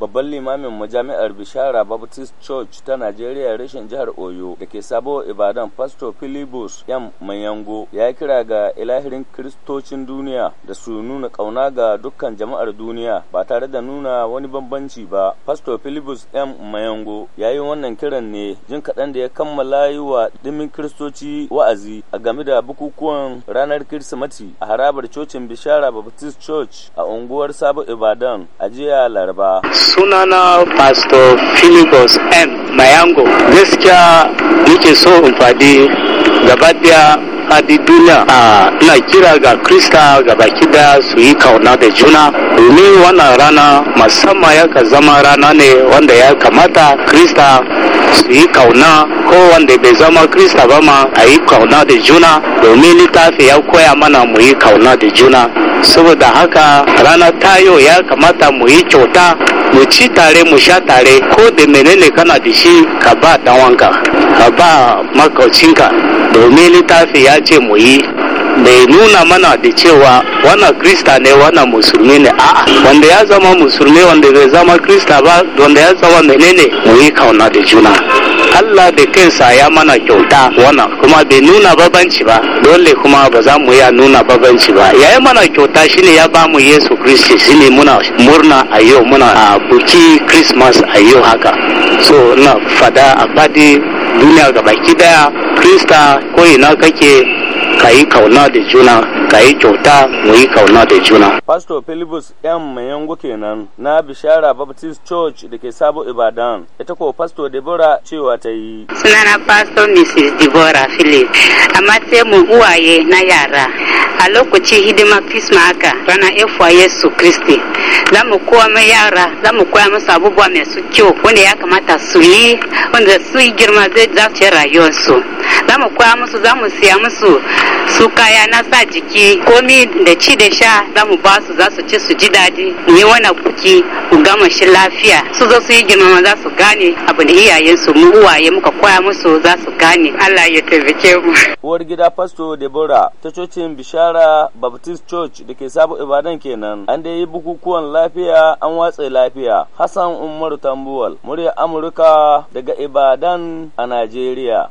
Babban limamin majami'ar Bishara Baptist Church ta Najeriya rashin jihar Oyo da ke sabo Ibadan Pastor Philibus M. Mayango ya kira ga ilahirin kiristocin duniya da su nuna kauna ga dukkan jama'ar duniya ba tare da nuna wani bambanci ba. Pastor Philibus M. Mayango ya yi wannan kiran ne jin kaɗan da ya kammala yi wa dimin kiristoci wa'azi a game da bukukuwan ranar kirsimati a harabar cocin Bishara Baptist Church a unguwar Sabo Ibadan a jiya Laraba. sunana pastor philibus m mayango gaskiya nake so in faɗi gaba daya faɗi duniya a ah, ina kira ga krista gabaki daya su yi kauna da juna domin wannan rana musamman ya ka zama rana ne wanda ya kamata krista su yi kauna ko wanda bai zama krista ba ma a yi kauna da juna domin littafi ya koya mana mu yi kauna da juna saboda haka rana tayo ya kamata mu yi kyauta mu ci tare mu sha tare ko da menene kana da shi ka ba dawanka ka ba makaucinka domin littafi ya ce mu yi bai nuna mana da cewa wana krista ne wana musulmi ne a'a wanda ya zama musulmi wanda bai zama krista ba wanda ya zama menene mu yi kauna da juna Allah da kansa ya mana kyauta wannan kuma bai nuna babanci ba dole kuma ba za mu ya nuna babanci ba ya yi mana kyauta shine ya ba mu Yesu Kristi shine muna murna a yau muna a buki Christmas a yau haka so na fada a fadi duniya baki daya Krista ko ina kake ka yi kauna da juna ka yi kyauta mu yi kauna da juna. Pastor Philibus M. Mayango kenan na Bishara Baptist Church da ke Sabo Ibadan ita ko Pastor Deborah cewa ta yi. Sunana Pastor Mrs. Deborah Philip amma sai mu uwaye na yara alokuchi hidima krismaka rana a yesu kristi za mu koya mu yara za mu koya musu abubuwa masu kyau wanda ya kamata su yi wanda su yi girma zai za su yi rayuwarsu za mu koya musu za mu siya musu su kaya na sa jiki komi da ci da sha za mu ba su za su ci su ji daɗi mu yi wani buki mu gama shi lafiya su zo su yi girmama za su gane abu da iyayensu mu uwaye muka koya musu za su gane Allah ya taimake mu. Uwar gida Pasto Deborah ta cocin Bishara Baptist Church da ke Sabo Ibadan kenan an da yi bukukuwan lafiya an watse lafiya Hassan Umar Tambuwal murya Amurka daga Ibadan a Najeriya.